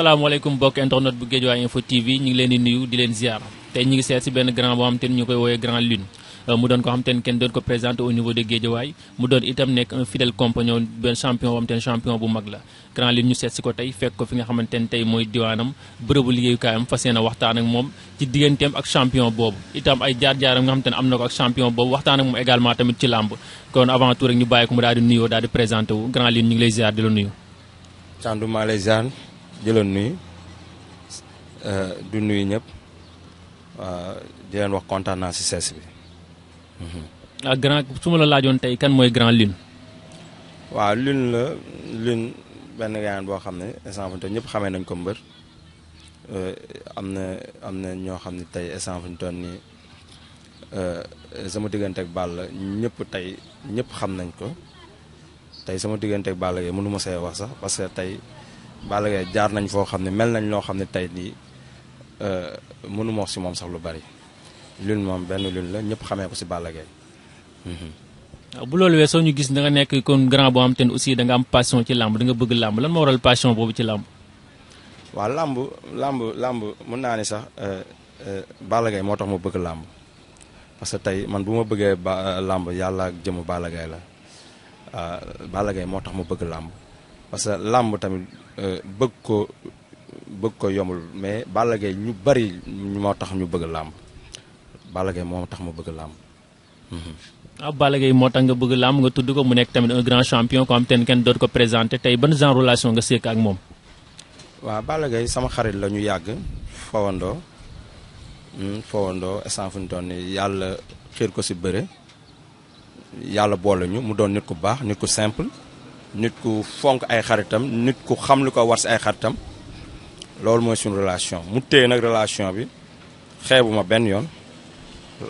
Assalamualaikum bokk internet bu Guédiawaye Info TV ñi ngi leen di nuyu di leen ziar tay ñi ngi sét ci ben grand bo xam te ni grand lune euh, mu don ko xam ko présenter au niveau de Guédiawaye mu doon itam nek un fidèle compagnon ben champion boo xam champion bu mag la grand lune ñu sét ci ko tay fekk ko fi nga xamante tay moy diwanam bërebu bërëbu kayam fas waxtaan ak mom ci digëntem ak champion bobu itam ay jaar-jaaram nga xam ko ak champion bobu waxtaan ak mom également tamit ci lamb kon avant tout rek ñu bayiko mu daal di nuyu daal di présenter wu grand lune ñi ngi lay ziar di la nuyu di la nuyu euh, du nuyu ñëpp di leen wax kontaan naa si sees bi. Mhm. ah grand su la laajoon tey kan mooy grand lune. waaw lune la lune benn gaañaan boo xam ne instant fu ñëpp xamee nañ ko mbër euh, am na am na ñoo xam ne tey instant fu ñu toll nii euh, sama diggante ak Balla ñëpp tey ñëpp xam nañ ko tey sama diggante ak Balla yooyu mënu ma wax sax parce que tey. Balla jaar nañ fo xamne mel nañ lo xamne tay ni euh mënu mo ci si sax lu bari lune mom ben lune la ñëpp xamé ko ci Balla hmm bu lolou wéso ñu gis da nga nek kon grand bo am ten aussi da nga am passion ci lamb da nga bëgg lamb lan mo waral passion bobu ci lamb wa lamb lamb lamb mën naani ni sax euh Gaye moo tax mo bëgg lamb parce que tay man buma ma lamb yalla ak jëm Balla la Balla Gaye moo tax ma euh, euh, bëgg lamb parce que làmb tamit euh, bëgg ko bëgg ko yombul mais Balla Gaye ñu bari moo tax ñu bëgg làmb Balla Gaye tax ma bëgg làmb waaw mhm. ah, Balla moo tax nga bëgg làmb nga tudd ko mu nekk tamit un grand champion ko am ten kenn doot ko présenté tey ban genre relation nga séq ak moom waaw Balla sama xarit la ñu yàgg fowandoo hmm, fowandoo instant fu ñu doon yàlla xiir ko si bëre yàlla boole ñu mu doon nit ku baax nit ko simple nit ku fonk ay xaritam nit ku xam lu ko war si ay xaritam loolu mooy suñu relation mu téye nag relation bi xeebu benn yoon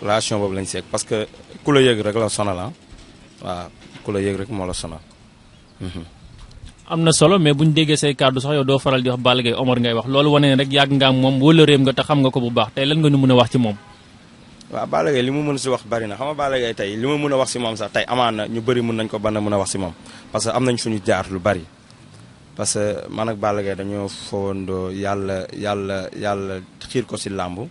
relation boobu lañ seeg parce que ku la yëg rek la sonal ah waaw ku la yëg rek moo la sonal. Mhm. am na solo mais bu ñu déggee say kàddu sax yow doo faral di wax Balla Gaye Omar ngay wax loolu wane rek yàgg nga am moom wóllëreem nga te xam nga ko bu baax tey lan nga ñu mun a wax ci moom. waaw Balla li mu mën si wax bari na xam nga Balla Gaye tey li ma mën a wax si moom sax tey amaan ñu bari mën nañ ko ba ban mën a wax si moom parce que am nañ suñu jaar lu bari parce que man ak Balla Gaye dañoo fowandoo yàlla yàlla yàlla xiir ko si làmb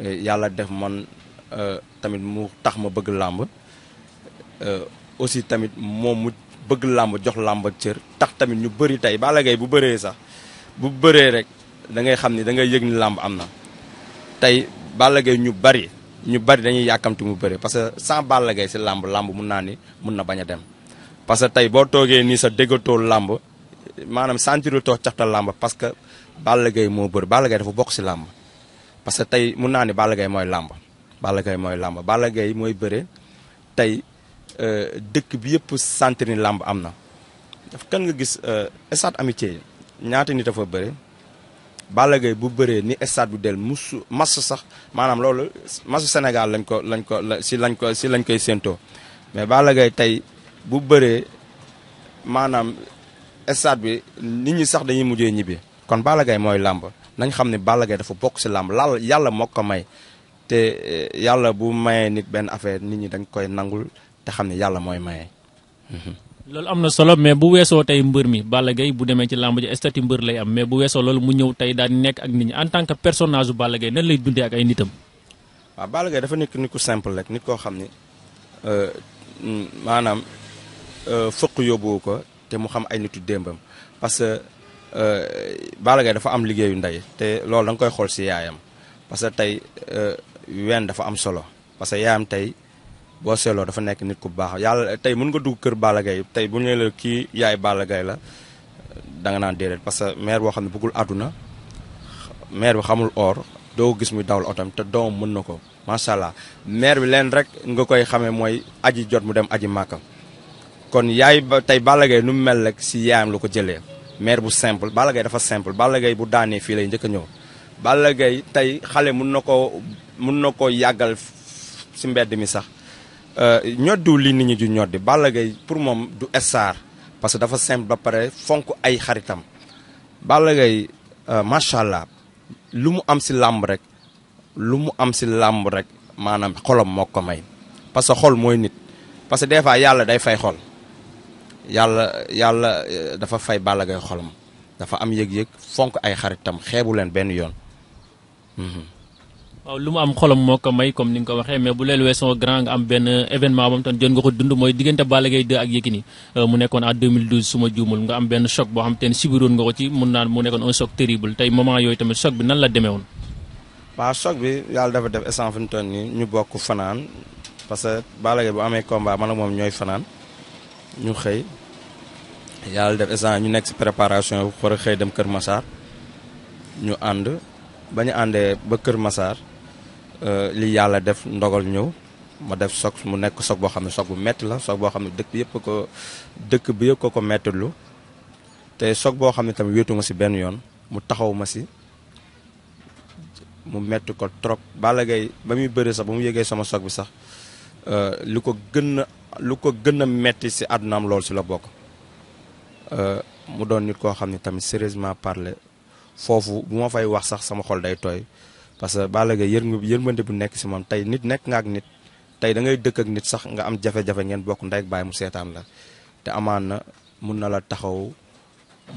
yàlla def man euh, tamit mu tax ma bëgg làmb euh, aussi tamit moom mu bëgg làmb jox làmb ak cër tax tamit ñu bëri tey Balla bu bëree sax bu bëree rek da ngay xam ni da ngay yëg ni làmb am na tey Balla ñu bari ñu bari dañuy yàkkamti mu bëre parce que sans Balla Gaye si làmb làmb mun naa ni mun na bañ a dem parce que tey boo toogee nii sa déggatoo làmb maanaam sentirul too caxtal làmb parce que Balla moo bëri Balla Gaye dafa bokk si làmb parce que tey mun naa ni Balla Gaye mooy làmb Balla gay mooy làmb Balla mooy bëre tey euh, dëkk bi yëpp sentir ni làmb am na daf kan nga gis euh, stade amitié ñaata nit dafa bëre Balla Gaye bu bëree ni stade bu del musu mas sax maanaam loolu masu Sénégal lañ ko lañ ko si lañ ko si lañ koy séentoo mais Balla Gaye tey bu bëree maanaam stade bi nit ñi sax dañuy mujjee ñibbi kon Balla mooy làmb nañ xam ne Balla Gaye dafa bokk si làmb laal yàlla moo ko may te eh, yàlla bu mayee nit benn affaire nit ñi dañ koy nangul te xam ne yàlla mooy maye. Mhm. loolu am na solo mais bu weesoo tey mbër mi Balla bu demee ci làmb ji mbër lay am mais bu weesoo loolu mu ñëw tey daal di nekk ak nit ñi en tant que personnage bu Balla Gaye nan lay dundee ak ay nitam. waaw Balla dafa nekk nit ku simple koo xam ni euh, maanaam euh, fëq yóbbu ko te mu xam ay nitu démbam parce que euh, Balla dafa am liggéeyu ndey te loolu da nga koy xool si yaayam parce que tey ween dafa am solo parce que yaayam tey. boo seeloo dafa nekk nit ku baax yàlla tey mun nga dugg kër Balla Gaye tey bu ñu la kii yaay Balla Gaye la danga naan déedéet parce que maire boo xam ne bëggul àdduna maire bi xamul or doo gis muy dawal otam te doom mën na ko macha allah maire bi leen rek nga koy xamee mooy aji jot mu dem aji màkka kon yaay ba tey Balla nu mu mel rek si yaayam la ko jëlee maire bu simple Balla dafa simple Balla bu daanee fii lay njëkk ñëw Balla Gaye tey xale mun na ko mun na ko yàggal si mbedd mi sax Euh, ñoddiwul li nit ñi ju ñoddi Balla Gaye pour moom du star parce que dafa simple ba pare fonk ay xaritam Balla Gaye euh, macha allah lu mu am si làmb rek lu mu am si làmb rek maanaam xolam moo ko may parce que xol mooy nit parce que des fois yàlla day fay xol yàlla yàlla euh, dafa fay Balla Gaye xolam dafa am yëg-yëg fonk ay xaritam xeebu leen benn yoon. Mhm. waaw lu mu am xolam moo ko may comme ni nga ko waxee mais bu leen weesoo grand nga am benn événement bam tan jot nga ko dund mooy diggante Balla Gaye 2 ak euh, mu nekkoon en 2012 ne sibiroon nga ko ci mun naan mu nekkoon un choc terrible tey moment dafa def instant fi mu ñu bokk fanaan parce que Balla Gaye amee combat man ak moom ñooy fanaan ñu xëy yàlla def instant ñu nekk si préparation war a xëy dem Kër Massar ñu ànd ba ñu àndee ba Kër Massar Euh, li yàlla def ndogal ñëw ma def choc mu nekk soog boo xam ne soog bu metti la choc boo xam ne dëkk bi yëpp ko dëkk bi yëpp ko ko mettitlu te choc boo xam ne tamit wéetu si benn yoon mu taxaw ma si mu metti ko trop Balla Gaye ba muy sax ba mu yëgee sama choc sax lu ko gën lu ko gën a si àddunaam loolu si la bokk euh, mu doon nit koo xam ne tamit sérieusement parler foofu bu ma fay wax sax sama xol day tooy parce que Balla Gaye yër yërmande bu nekk si moom tey nit nekk nga ak nit tey dangay dëkk ak nit sax nga am jafe-jafe ngeen bokk ndey ak baay mu seetaan la te amaan na mun na la taxaw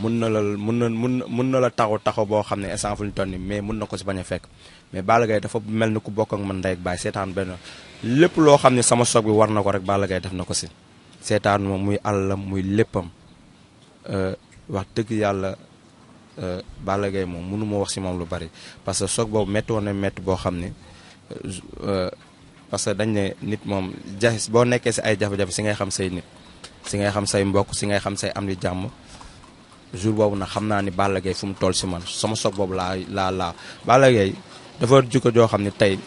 mun na la mun na mun mun na la taxaw taxaw boo xam ne instant fu ñu toll nii mais mun na ko si bañ a fekk mais Balla Gaye dafa mel ni ku bokk ak man ndey ak baay seetaan benn lépp loo xam ne sama soog bi war na ko rek Balla Gaye def na ko si seetaan moom muy àllam muy léppam euh, wax dëgg yàlla Euh, Balla Gaye moom mënu ma wax si moom lu bari parce que soog boobu métti woon na métti boo xam ne euh, euh, parce que dañ ne nit moom jafe boo nekkee si ay jafe-jafe si ngay xam say nit si ngay xam say mbokk si ngay xam say am di jàmm jour boobu nag xam naa ni Balla Gaye mu toll si man sama soog boobu laa laa laa Balla joo xam ne tey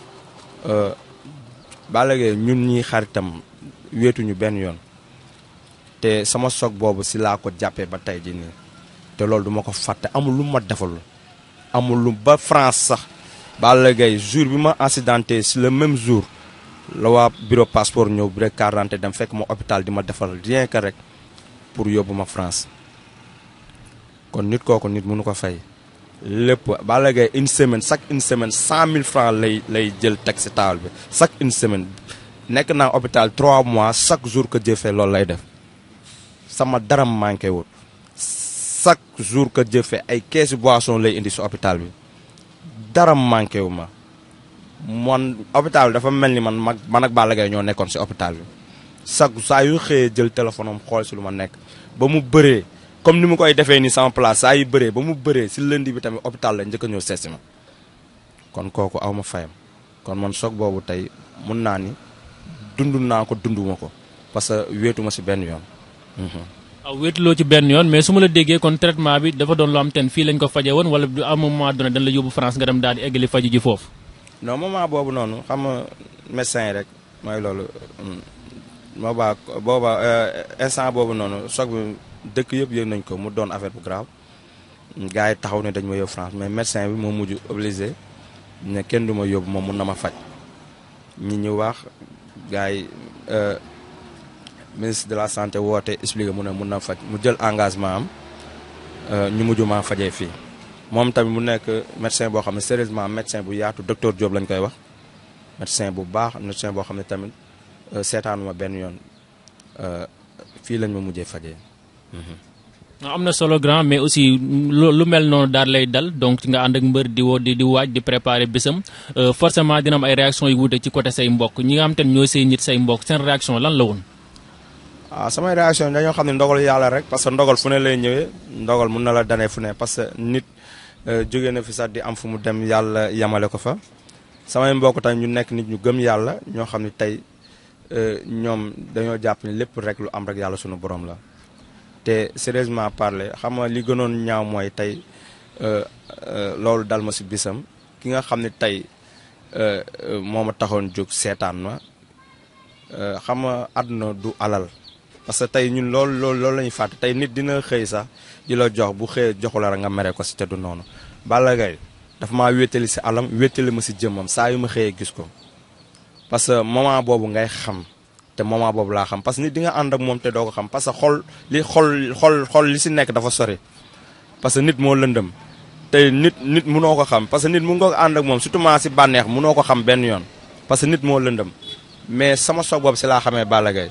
Balla ñun ñi xaritam wéetuñu benn yoon te sama soog boobu si laa ko jàppee ba tey ji nii te loolu duma ko fàtte amul lu ma defalul amul lu ba France sax Balla Gaye jour bi ma accidenté si le même jour la waa bureau passeport ñëw bi rek carte d'identité dem fekk ma hôpital di ma defal rien que rek pour yóbbu ma France kon nit kooku nit mënu ko fay lépp Balla Gaye une semaine chaque une semaine cent mille francs lay lay jël teg si taal bi chaque une semaine nekk naa hôpital trois mois chaque jour que jëfee loolu lay def sama dara manqué wut chaque jour que Dieu fait ay keesi boisson lay indi si hôpital bi dara manqué wu ma man hôpital bi dafa mel ni man mag man ak Balla ñoo nekkoon si hôpital bi chaque saa yu xëyee jël téléphone am xool si lu ma nekk ba mu bëree comme ni mu koy defee nii sama place saa yi bëree ba mu bëree si lundi bi tamit hôpital la njëkk a ñëw seesi ma kon kooku awma ma fayam kon man soog boobu tey mun naa ni dund naa ko dunduma ko parce que wéetu si benn yoon mhm. waaw wéetloo ci benn yoon mais su ma la déggee kon traitement bi dafa doon lu am ten fii lañ ko faje woon wala du à moment donné dañ la yóbbu France nga dem daal di eggali faju ji foofu non moment boobu noonu xam nga médecin yi rek mooy loolu moo mm. baa booba euh, instant boobu noonu soog dëkk yëpp yëg nañ ko mu doon affaire bu grave yi taxaw ne dañ ma yóbbu France mais médecin bi moo mujj obligé ne kenn du ma yóbbu moom mun na ma faj ñi ñu wax gars yi euh, ministre de la santé woote expliqué mu ne mun na faj mu jël engagement am euh, ñu mujj maa fajee fii. moom tamit mu nekk médecin boo xam ne sérieusement médecin bu yaatu docteur Diop lañu koy wax médecin bu baax médecin boo xam ne tamit euh, seetaanuma benn yoon euh, fii lañ ma mujjee fajee. Mm-hmm. am na solo grand mais aussi lu mel noonu daal lay dal donc nga ànd ak mbër di woo di di waaj di préparer bésam forcément dina am ay réaction yu wute ci côté say mbokk ñi nga xam te ne ñooy mbokk seen réaction lan la woon. waaw ah, samay réaction dañoo xam ne ndogal yàlla rek parce que ndogal fu ne lay ñëwee ndogal mun na la danee fu ne parce que nit euh, jóge na fi sax di am fu mu dem yàlla yamale ko fa samay mbokk tamit ñu nekk nit ñu gëm yàlla ñoo xam ne tey euh, ñoom dañoo jàpp ne lépp rek lu am rek yàlla sunu borom la te sérieusement parle xam nga li gënoon ñaaw mooy tey euh, loolu dal ma si bisam ki nga xam ne tey moo ma taxoon jóg seetaan ma xam nga àdduna du alal parce que tay ñun lool lool lool lañu ñu tay nit dina xey sax di la jox bu xey joxu la nga méré ko ci te nonu noonu Balla Gaye daf ma wételi si alam wételi ma ci jëmam sa yu ma xey gis ko parce que moment bobu ngay xam té moment bobu la xam parce que nit di nga and ak mom té do ko xam parce que xol li xol xol xol li ci nek dafa sori parce que nit mo lëndëm té nit nit mëno ko xam parce que nit mu ngok and ak mom surtout ma si banex mëno ko xam ben yoon parce que nit mo lëndëm mais sama soog boobu si laa xamee Balla gay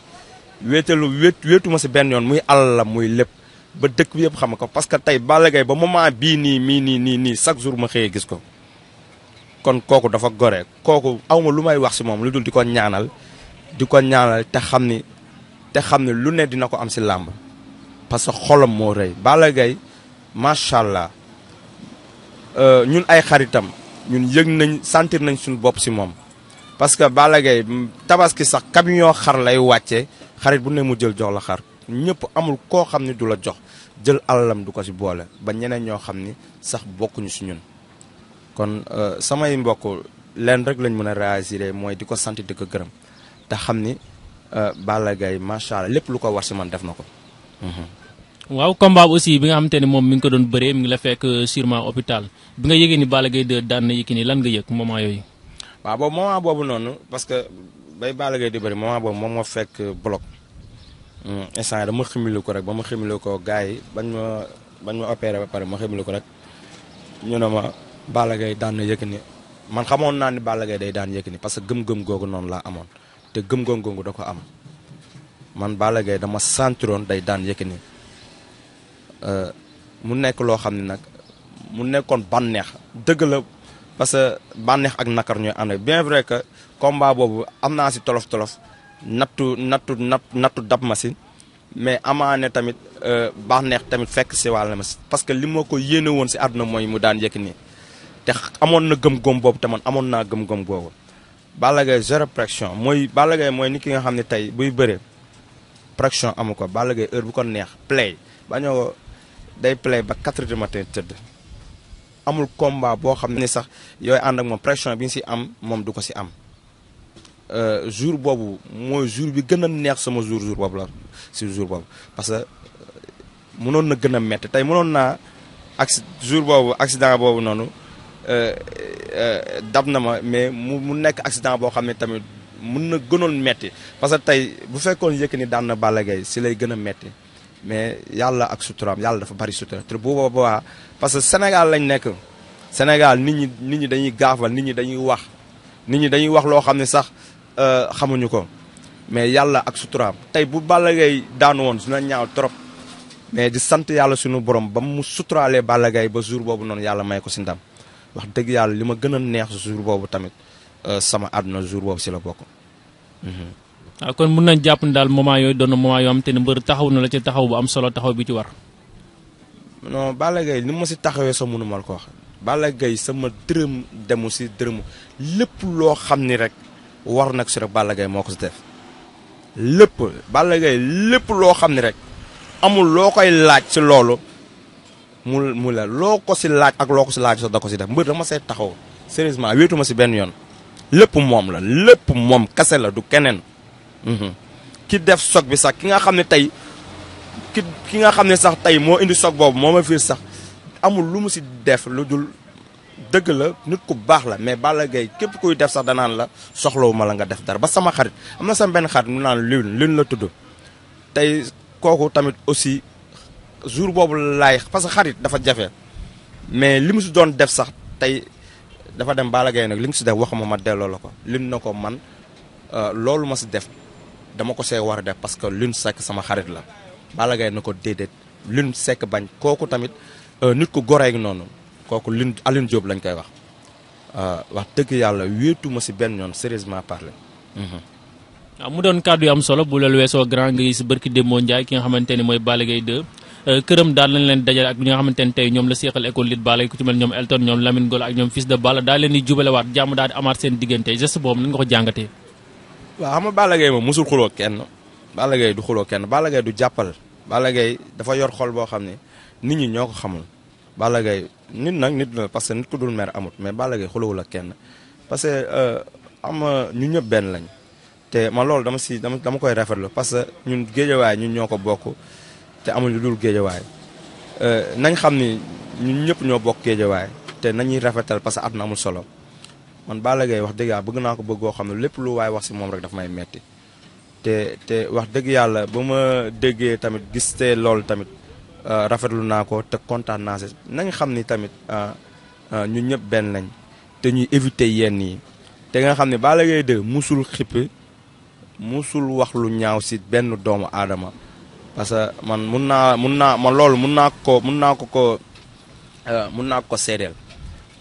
wéetalu wéet wéetuma si benn yoon muy alal la muy lépp ba dëkk bi yëpp xam ko parce que tey Balla Gaye ba moment bii nii mii nii nii nii chaque jour ma xëyee gis ko kon kooku dafa gore kooku awma lu may wax si moom lu dul di ko ñaanal di ko ñaanal te xam ni te xam ne lu ne dina ko am si làmb parce que xolam moo rëy Balla Gaye macha allah euh, ñun ay xaritam ñun yëg nañ sentir nañ suñu bopp si moom parce que Balla Gaye tabaski sax camion xar lay wàcce xarit bu ne mu jël jox la xar ñepp amul ko xamni dula jox jël alalam du ko si boole ba ñeneen ño xamni ni bokku ñu ci ñun kon euh, yi mbokk leen rek lañ mëna réagir moy di ko sant di ko gërëm te xam ni euh, Balla Gaye macha allah lepp lu ko war ci man def nako mhm. waaw combat aussi bi nga xamanteni mom mi ngi ko doon beure mi ngi la fekk euh, sûrement hôpital bi nga yëgee ni Balla gay de dan na ni lan nga yek moment yoy waaw bo moment bobu nonu parce que bay Balla Gaye di bëri moment boobu moom ma fekk bloc mm, instant dama ximilu ko rek ba ma ximilu ko gars yi bañ ma bañ ma opéré ba pare ma ximilu ko rek ñu ne ma Balla Gaye daan na ni man xamoon naa ni Balla Gaye day daan Yékini parce gëm-gëm googu noonu laa amoon te gëm-gëm googu da ko am man Balla Gaye dama sentiroon day daan Yékini euh, mu nekk loo xam ne nag mu nekkoon bànneex dëgg la. parce que bànneex ak nakar ñooy na bien vrai que combat boobu am naa si tolof tolof nattu nattu na nattu dab ma si mais amaane tamit euh, bànneex tamit fekk si wàll ma si parce que li ma ko yéene woon si àdduna mooy mu daan nii te amoon na gëm-gëm boobu te amoon naa gëm-gëm boobu. Balla Gaye zéro mooy Balla mooy nit ki nga xam ne tey buy bëre pression amu ko Balla Gaye heure bu ko neex play ba ñoo day play ba 4 heures du tëdd. amul combat boo xam ne sax yooyu ànd ak moom pression bi ñu si am moom du ko si am euh, jour boobu mooy jour bi gën a neex sama jour jour boobu la si jour boobu parce que euh, mënoon na gën a métti tey mënoon naa acci jour boobu accident boobu noonu euh, dab na ma mais mu mu nekk accident boo xam ne tamit mun na gënoon metti parce que tey bu fekkoon Yékini daan na Balla Gaye si lay gën a metti mais yàlla ak suturaam yàlla dafa bari sutura te bu boobaa parce que Sénégal lañ nekk Sénégal nit ñi nit ñi dañuy gaafal nit ñi dañuy wax nit ñi dañuy wax loo xam ne sax euh, xamuñu ko mais yàlla ak suturaam tey bu Balla Gaye daan woon su dina ñaaw trop mais di sant yàlla sunu borom ba mu suturaalee Balla Gaye ba jour boobu noonu yàlla may ko si ndam wax dëgg yàlla li ma gën a neex jour boobu tamit euh, sama àdduna jour boobu si la bokk mhm. waaw kon nañ jàpp ne daal moment yooyu doon na moment yoo xam te taxaw na la ci taxaw bu am solo taxaw bi ci war. non ni ma si taxawee sa mënu ma ko wax sama dërëm demu si dërëmu lépp loo xam ni rek war nag si rek moo ko si def lépp Balla lépp loo xam ni rek amul loo koy laaj si loolu mu mu la loo ko si laaj ak loo ko si laaj sax da ko si def mbër dama see taxaw sérieusement wéetu ma si benn yoon lépp moom la lépp moom kese la du keneen. Mhm. ki def sok bi sax ki nga xamne tay ki nga xamne sax tay mo indi sok bobu mo ma sax amul lu mu si def lu dul deug la nit ku bax la mais bala gay kep kuy def sax danaan la soxlo ma la nga def dar ba sama xarit amna sama ben xarit mu nan lune lune la tuddu tay koku tamit aussi jour bobu lay parce que xarit dafa jafe mais limu su don def sax tay dafa dem bala gay nak limu mu def waxuma ma delo lako lim nako ko man euh, loolu ma si def dama ko see war a def parce que lu Lune Seck sama xarit la Balla Gaye na ko déedéet Lune Seck bañ kooku tamit euh, nit ku goreeg noonu kooku Lune Aline Diop lañ koy wax euh, wax dëgg yàlla wéetuma si benn yoon sérieusement parler. waaw mhm. ah, mu doon kàddu yu am solo bu loolu weesoo grand gris barki Demba Ndiaye ki nga xamante ne mooy Balla Gaye 2. Euh, këram daal lañ leen dajale ak ñi nga xamante ne tey ñoom la seexal école lit Balla ku ci mel ñoom Elton ñoom Lamine Golo ak ñoom Fils waaw xam nga Balla Gaye mosul xuloo kenn Balla Gaye du xuloo kenn Balla du jàppal Balla dafa yor xol boo xam ne nit ñi ñoo ko xamul Balla Gaye nit nag nit la parce que nit ku dul mer amut mais Balla Gaye xulawul ak kenn parce que euh, am ñu ñëpp benn lañ te man loolu dama si dama dama koy rafetlu parce que ñun géejawaay ñun ñoo ko bokk te amuñ lu dul géejawaay euh, nañ xam ni ñun ñëpp ñoo bokk géejawaay te nañuy rafetal parce que at na amul solo man Balla gay wax deug ya bëgg na ko bëgg go xamne lepp lu way wax ci mom rek daf may metti te te wax deug yalla ba déggé tamit gis te loolu tamit euh, rafetlu naa ko te kontaan naa si nañ xamni ni tamit euh, euh, ñun ñëpp ben lañ te ñuy éviter yenn yi te nga xamni ne Balla de musul xippé musul wax lu ñaaw ci ben doomu adama parce que man mun naa man lool mun naa ko mun naa ko ko mun naa ko ko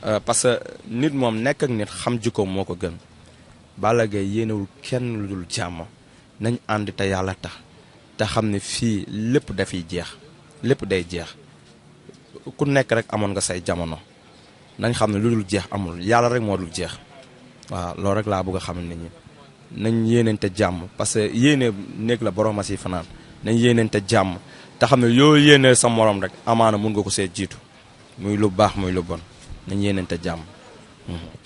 Euh, parce que nit moom nekk ak nit xam jikkoom moo ko gën Balla Gaye yéenewul kenn lu dul jàmm nañ ànd te yàlla tax te xam ne fii lépp dafiy jeex lépp day jeex ku nekk rek amoon nga say jamono nañ xam ne lu dul jeex amul yàlla rek moo dul jeex waaw loolu rek laa bugg a xam nit ñi nañ te jàmm parce que yéene néeg la borom a si fanaan nañ yéeneente jàmm te xam ne yoo yéene sa morom rek amaana mun nga ko see jiitu muy lu baax muy lu bon. nañ yéeneente jàmm.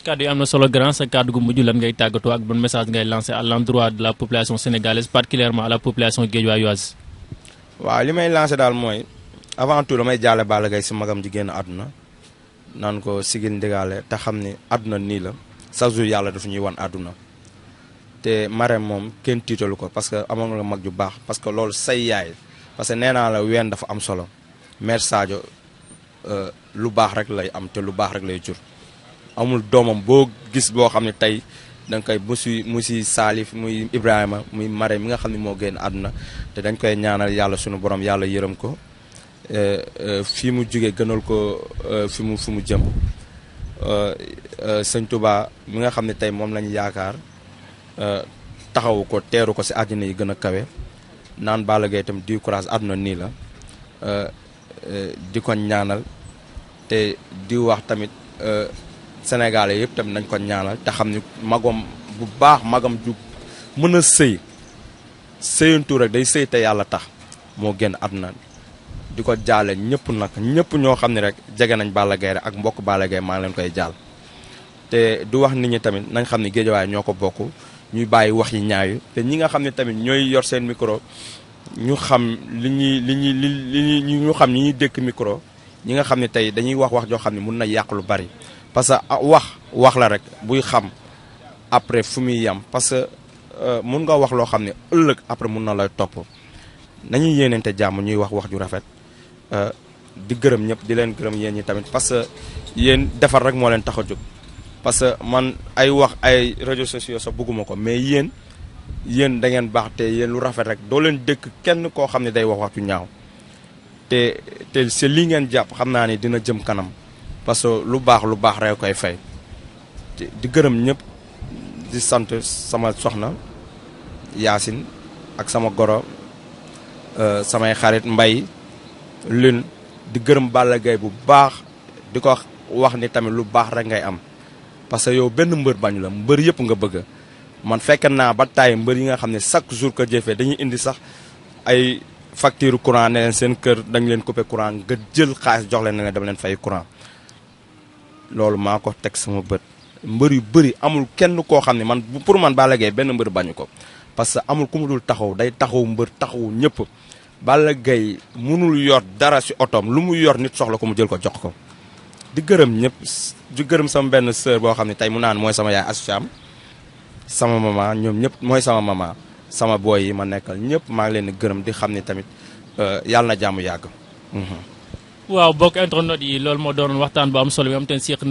kàddu yi am na solo grand sa kàddu gu mujj lan ngay tàggatoo ak bon message ngay lancé à l'endroit de la population sénégalaise particulièrement à la population guédiawayoise. waaw li may lancé daal mooy avant tout damay jaale Balla Gaye si magam ji génn àdduna naan ko sigil ndigaale te xam ni àdduna nii la chaque jour yàlla dafa ñuy wan àdduna te Marème moom kenn tiitalu ko parce que amoon nga mag ju baax parce que loolu say yaay parce que nee la ween dafa am solo lu baax rek lay am te lu baax rek lay jur amul doomam boo gis boo xam ne tey danga koy musi musi Salif muy Ibrahima muy Mare mi nga xam ne moo génn àdduna te dañ koy ñaanal yàlla sunu borom yàlla yërëm ko eh, eh, fi mu jóge gënal ko eh, fi mu fi mu jëm sëñ Touba mi nga xam ne tey moom lañu yaakaar taxawu ko teeru ko si àdduna yi gën a kawe naan Balla Gaye itam di courage àdduna nii la di ko ñaanal te di wax tamit euh, Sénégalais yëpp tamit nañ ko ñaanal te xam ni magom bu baax magam ju mën a sëy sëyantu rek day sëy te yàlla tax moo génn na di ko jaale ñëpp nag ñëpp ñoo xam ne rek jege nañ Balla Gaye rek ak mbokk Balla Gaye maa ngi leen koy jaal te du wax nit ñi tamit nañ xam ne géejawaay ñoo ko bokk ñu bàyyi wax yi ñaayu te ñi nga xam ne tamit ñooy yor seen micro ñu xam li ñuy li ñuy li ñuy ñu xam ñi ñuy dékk micro ñi nga xam ne tey dañuy wax wax joo xam ne mun na yàq lu bari parce que ah, wax wax la rek buy xam après fu muy yam parce que euh, mun nga wax loo xam ne ëllëg après mun na lay topp nañuy yéeneente jàmm ñuy wax wax ju rafet euh, di gërëm ñëpp di leen gërëm yeen ñi tamit parce que yéen defar rek moo leen tax a jóg parce que man ay wax ay réseaux sociaux sax bugguma ko mais yéen. Yen da ngeen bax te yéen lu rafet rek do leen dekk kenn ko xamni day wax waxtu ñaaw te te ce li ngeen japp xamna ni dina jëm kanam parce que lu bax lu bax rek koy fay di gërëm ñep di sante sama soxna Yaasin ak sama goro euh, sama xarit mbay lun di gërëm Balla gay bu bax diko wax ni tamit lu bax rek ngay am parce que yow benn mbeur bañ la mbeur yep nga bëgg man fekk na ba taay mbër yi nga xam chaque jour ko jëfee dañuy indi sax ay facture courant ne leen seen kër dañ leen couper courant nga jël xaalis jox leen ne dama leen fay courant loolu mako tek sama beut mbeur yu beuri amul kenn ko xam man pour man Balla Gaye benn mbër bañu ko parce que amul kumu dul taxaw day taxaw mbeur taxaw ñepp Balla Gaye munul yor dara ci otoom lu mu yor nit soxla ko mu jël ko jox ko di gërëm ñepp di gërëm sama ben sœur bo xam tay mu naan moy sama yaay associam sama mama ñoom ñëpp mooy sama mama sama booy yi ma nekkal ñëpp maa ngi leen di gërëm di xam ni tamit euh, yàlla na jàmm yàgg. Mhm. waaw bokk internet yi loolu moo doon waxtaan bu am euh, solo mu doon waxtaan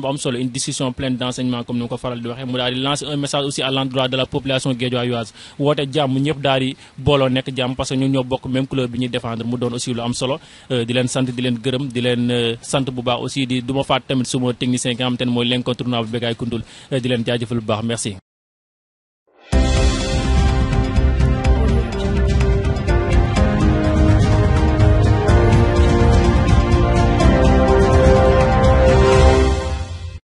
bu am solo une discussion pleine d'enseignement comme ni ma ko faral di waxee mu daal di un message aussi à l'endroit de la population guédiawayoise woote jàmm yëpp daal di booloo nekk jàmm parce que ñun ñoo bokk même couleur bi ñuy défendre mu doon aussi lu am solo euh, di leen sant di leen gërëm di leen euh, sant bu baax aussi di du ma faat tamit suma technicien nga xam moy ne mooy l'incontournable Bégaye Koundoul euh, di leen jaajëfal bu baax merci